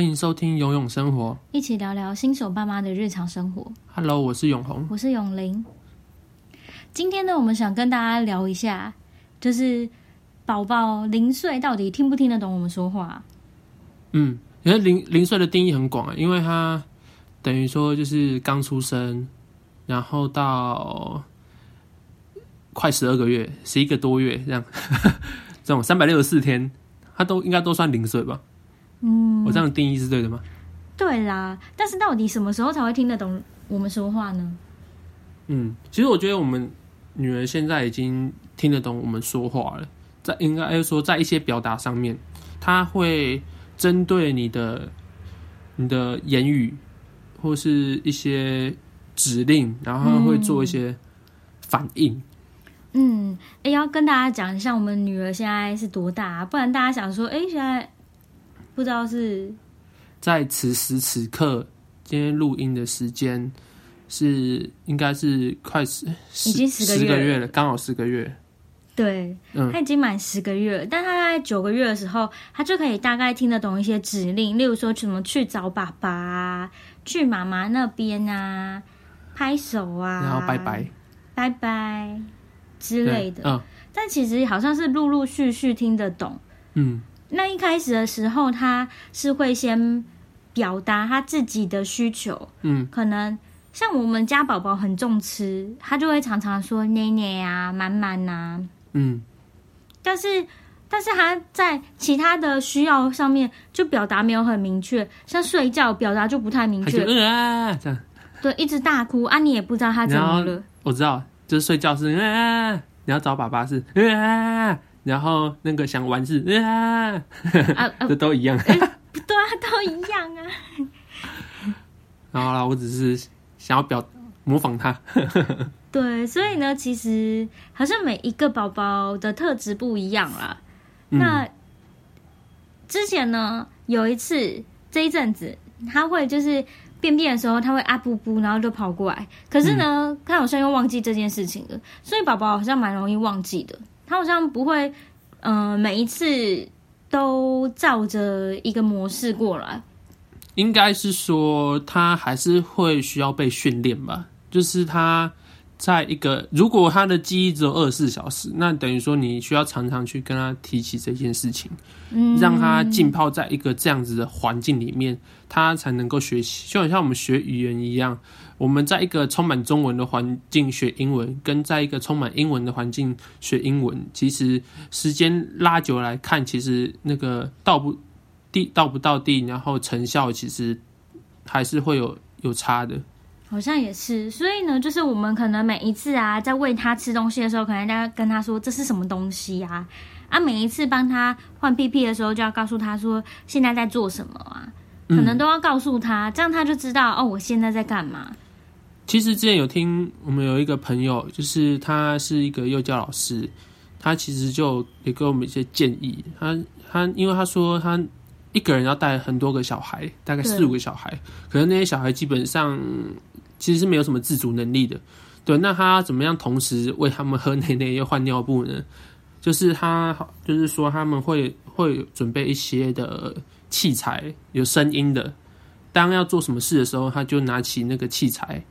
歡迎收聽《永詠生活》，一起聊聊新手爸媽的日常生活。Hello，我是永鴻，我是詠琳。今天呢，我們想跟大家聊一下，就是寶寶零歲到底聽不聽得懂我們說話？嗯，因為零零歲的定義很廣啊，因為他等於說就是剛出生，然後到快十二個月、十一個多月這樣，呵呵這種三百六十四天，他都應該都算零歲吧。嗯，我這樣的定義是對的嗎？對啦，但是到底什麼時候才會聽得懂我們說話呢？嗯，其實我覺得我們女兒現在已經聽得懂我們說話了，在應該說在一些表達上面，她會針對你的你的言語或是一些指令，然後會做一些反應。嗯，欸，要跟大家講一下，我們女兒現在是多大啊？不然大家想說，欸，現在。不知道是在此時此刻，今天錄音的時間是應該是快十，已經十個月了，剛好十個月。對、嗯，他已經滿十個月了，但他在九個月的時候，他就可以大概聽得懂一些指令，例如說，什麼去找爸爸、啊、去媽媽那邊啊、拍手啊、然後拜拜、拜拜之類的、嗯。但其實好像是陸陸續續聽得懂，嗯。那一開始的時候，他是會先表達他自己的需求，嗯，可能像我們家寶寶很重吃，他就會常常說捏捏啊、滿滿啊，嗯。但是，但是他在其他的需要上面就表達沒有很明確，像睡覺表達就不太明確，嗯啊，這樣，對，一直大哭啊，你也不知道他怎麼了，我知道，就是睡覺是啊，你要找爸爸是啊。然後那個想玩是，啊 啊，啊， 這都一樣， 欸，不對啊，都一樣啊 啦。然後我只是想要表模仿他。 對，所以呢，其實好像每一個寶寶的特質不一樣啦，嗯。那之前呢，有一次這一陣子他會就是便便的時候，他會啊噗噗然後就跑過來。可是呢，嗯，他好像又忘記這件事情了，所以寶寶好像蠻容易忘記的。他好像不會，嗯、呃，每一次都照着一個模式過來。應該是說，他還是會需要被訓練吧，就是他。在一個如果他的記憶只有二十四小時，那等於說你需要常常去跟他提起這件事情，嗯，讓他浸泡在一個這樣子的環境裡面，他才能夠學習。就好像我們學語言一樣，我們在一個充滿中文的環境學英文，跟在一個充滿英文的環境學英文，其實時間拉久來看，其實那個到不地到不到地，然後成效其實還是會有有差的。好像也是，所以呢，就是我們可能每一次啊，在餵他吃東西的時候，可能要跟他說這是什麼東西呀？啊，啊，每一次幫他換屁屁的時候，就要告訴他說現在在做什麼啊？可能都要告訴他，嗯，這樣他就知道哦，我現在在幹嘛。其實之前有聽我們有一個朋友，就是他是一個幼教老師，他其實就也給我們一些建議。他他因為他說他一個人要帶很多個小孩，大概四五個小孩，可能那些小孩基本上。其實是沒有什麼自主能力的，對。那他怎麼樣同時為他們喝奶奶又換尿布呢？就是他就是說他們會會準備一些的器材，有聲音的。當要做什麼事的時候，他就拿起那個器材，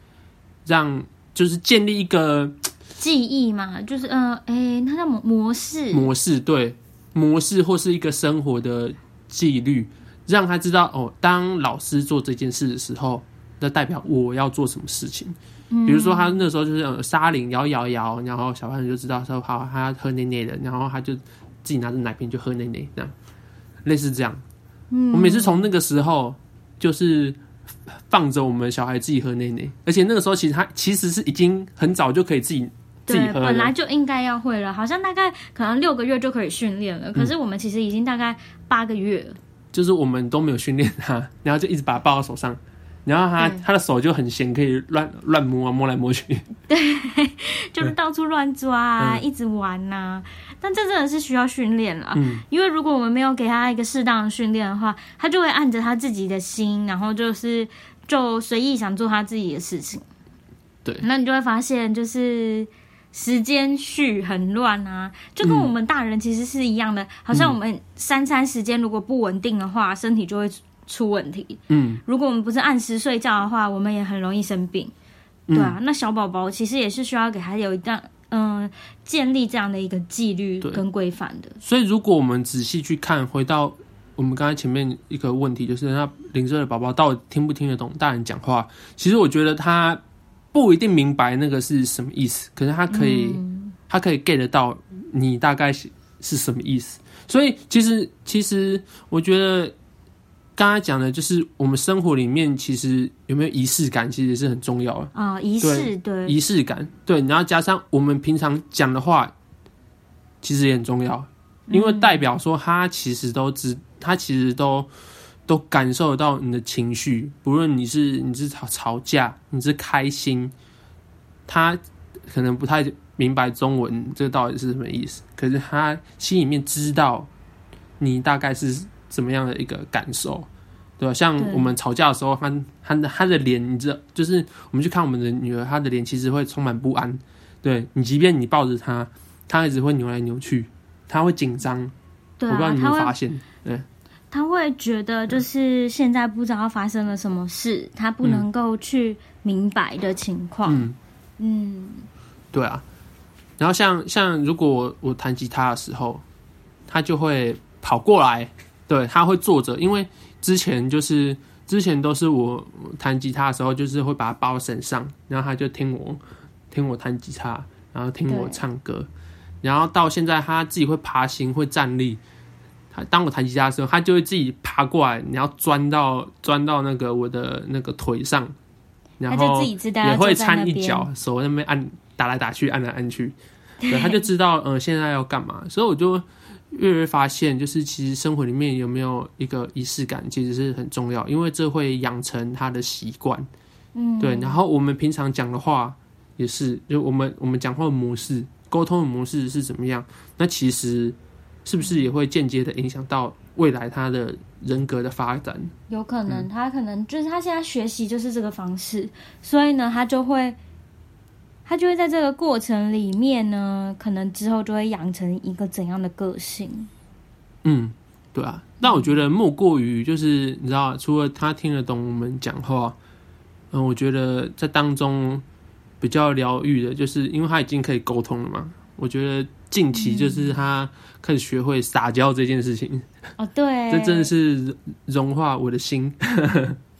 讓就是建立一個記憶嘛，就是呃，誒，那叫模模式模式對模式或是一個生活的紀律，讓他知道哦，當老師做這件事的時候，那代表我要做什麼事情？比如說他那個時候就是沙鈴搖搖搖，然後小孩子就知道說好，他要喝奶奶的，然後他就自己拿着奶瓶就喝奶奶這樣，類似這樣。嗯，我們每次從那個時候就是放着我們小孩自己喝奶奶，而且那個時候其實他其實是已經很早就可以自己自己喝了，本來就應該要會了，好像大概可能六個月就可以訓練了，可是我們其實已經大概八個月了，嗯，就是我們都沒有訓練他，然後就一直把他抱到手上。然後他、嗯、他的手就很閒，可以亂亂摸啊，摸來摸去。對，就是到處亂抓啊，一直玩吶、啊嗯。但這真的是需要訓練了，因為如果我們沒有給他一個適當的訓練的話，他就會按着他自己的心，然後就是就隨意想做他自己的事情。對，那你就會發現就是時間序很亂啊，就跟我們大人其實是一樣的，嗯、好像我們三餐時間如果不穩定的話、嗯，身體就會。出問題，嗯，如果我們不是按時睡覺的話，嗯、我們也很容易生病，對啊。嗯、那小寶寶其實也是需要給他有一段，嗯、呃，建立這樣的一個紀律跟規範的。所以，如果我們仔細去看，回到我們剛才前面一個問題，就是那零歲的寶寶到底聽不聽得懂大人講話？其實我覺得他不一定明白那個是什麼意思，可是他可以，嗯、他可以 get 到你大概是什麼意思。所以，其實，其實我覺得。剛才講的，就是我們生活裡面其實有沒有儀式感，其實是很重要的啊。儀式對，儀式感對，然後加上我們平常講的話，其實也很重要，嗯，因為代表說他其實都知，他其實都都感受到你的情緒，不論你是你是吵吵架，你是開心，他可能不太明白中文這個到底是什麼意思，可是他心裡面知道你大概是。怎麼樣的一個感受，對吧、啊？像我們吵架的時候，他、他、他的臉，你知道，就是我們去看我們的女兒，她的臉其實會充滿不安。對你，即便你抱着她，她一直會扭來扭去，她會緊張、啊。我不知道你有沒有發現，他對，她會覺得就是現在不知道發生了什麼事，她不能夠去明白的情況、嗯嗯。嗯，對啊。然後像像如果我我彈吉他的時候，他就會跑過來。對，他會坐着，因為之前就是之前都是我彈吉他的時候，就是會把他抱身上，然後他就聽我聽我彈吉他，然後聽我唱歌，然後到現在他自己會爬行會站立。當我彈吉他的時候，他就會自己爬過來，然後鑽到鑽到那個我的那個腿上，然後也會摻一腳，就那手那邊按打來打去，按來按去，對，對他就知道嗯、呃、現在要幹嘛，所以我就。越來越發現，就是其實生活裡面有沒有一個儀式感，其實是很重要，因為這會養成他的習慣。嗯，對。然後我們平常講的話也是，就我們我們講話的模式、溝通的模式是怎麼樣，那其實是不是也會間接的影響到未來他的人格的發展？有可能，嗯、他可能就是他現在學習就是這個方式，所以呢，他就會。他就會在這個過程裡面呢，可能之後就會養成一個怎樣的個性？嗯，對啊。那我覺得，莫過於就是你知道、啊，除了他聽得懂我們講話，嗯、呃，我覺得在當中比較療癒的，就是因為他已經可以溝通了嘛。我覺得近期就是他開始學會撒嬌這件事情。哦、嗯，對，這真的是融化我的心。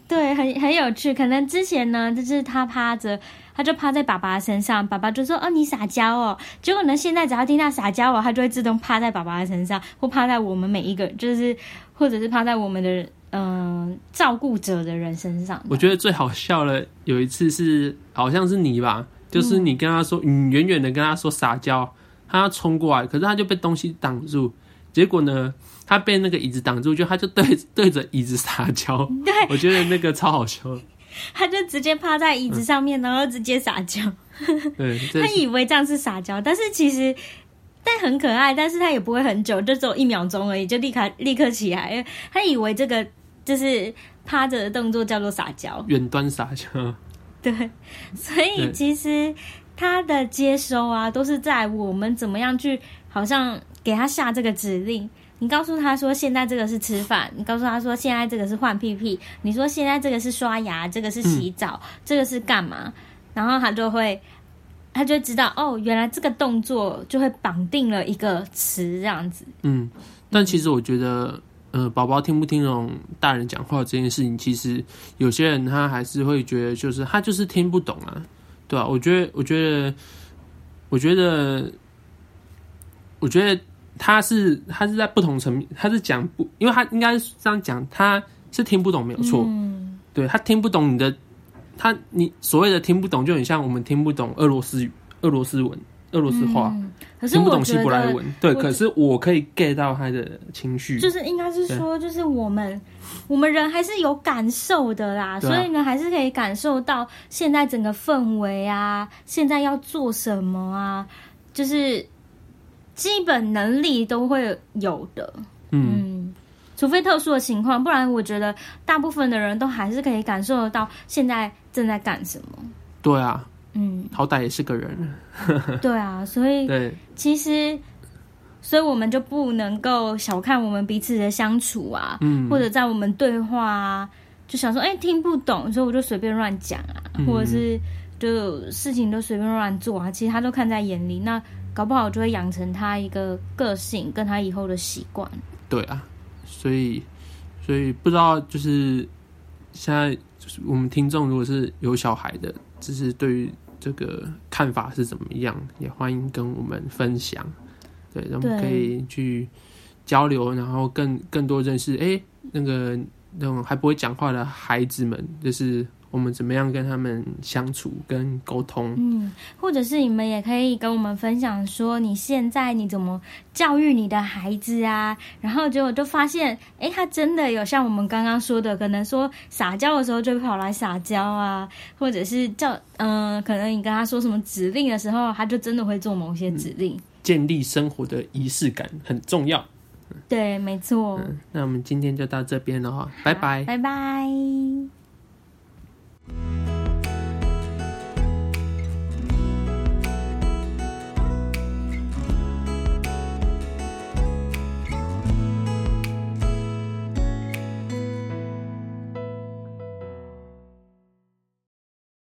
對，很很有趣。可能之前呢，就是他趴着。他就趴在爸爸的身上，爸爸就說：“哦，你撒嬌哦。”結果呢，現在只要聽到撒嬌哦、喔，他就會自動趴在爸爸的身上，或趴在我們每一個，就是或者是趴在我們的嗯、呃、照顧者的人身上。我覺得最好笑的有一次是好像是你吧，就是你跟他說，嗯、你遠遠的跟他說撒嬌，他要衝過來，可是他就被東西擋住，結果呢，他被那個椅子擋住，就他就對對着椅子撒嬌。對，我覺得那個超好笑。他就直接趴在椅子上面，嗯、然後直接撒嬌。對， 他以為這樣是撒嬌，但是其實但很可愛，但是他也不會很久，就只有一秒鐘而已，就立刻立刻起來，因為他以為這個就是趴着的動作叫做撒嬌，遠端撒嬌。 對，所以其實他的接收啊，都是在我們怎麼樣去，好像給他下這個指令。你告訴他說現在這個是吃飯，你告訴他說現在這個是換屁屁，你說現在這個是刷牙，這個是洗澡，嗯，這個是幹嘛？然後他就會，他就會知道哦，原來這個動作就會綁定了一個詞這樣子。嗯，但其實我覺得，呃，寶寶聽不聽懂大人講話這件事情，其實有些人他還是會覺得就是他就是聽不懂啊，對啊，我覺得，我覺得，我覺得，我覺得。他是他是在不同層面，他是講不，因為他應該是這樣講，他是聽不懂沒有錯，嗯，對他聽不懂你的，他你所謂的聽不懂就很像我們聽不懂俄羅斯語、俄羅斯文、俄羅斯話、嗯，可是，聽不懂希伯來文，對，可是我可以 get 到他的情緒，就是應該是說，就是我們我們人還是有感受的啦，啊、所以呢，還是可以感受到現在整個氛圍啊，現在要做什麼啊，就是。基本能力都會有的，嗯，除非特殊的情況，不然我覺得大部分的人都還是可以感受得到現在正在幹什麼。對啊，嗯，好歹也是個人。 對啊，所以，對，其實，所以我們就不能夠小看我們彼此的相處啊，嗯，或者在我們對話啊，就想說哎、欸，聽不懂，所以我就隨便亂講啊，嗯，或者是就事情都隨便亂做啊，其實他都看在眼裡，那。搞不好就會養成他一個個性，跟他以後的習慣。對啊，所以，所以不知道就是現在就是我們聽眾，如果是有小孩的，就是對於這個看法是怎麼樣，也歡迎跟我們分享。對，然後我們可以去交流，然後更更多認識，哎、欸、那個那種還不會講話的孩子們，就是。我們怎麼樣跟他們相處、跟溝通？嗯，或者是你們也可以跟我們分享說，你現在你怎麼教育你的孩子啊？然後就就發現，哎、欸，他真的有像我們剛剛說的，可能說撒嬌的時候就跑來撒嬌啊，或者是叫嗯、呃，可能你跟他說什麼指令的時候，他就真的會做某些指令。嗯，建立生活的儀式感很重要。對，沒錯，嗯。那我們今天就到這邊了哈，拜拜，拜拜。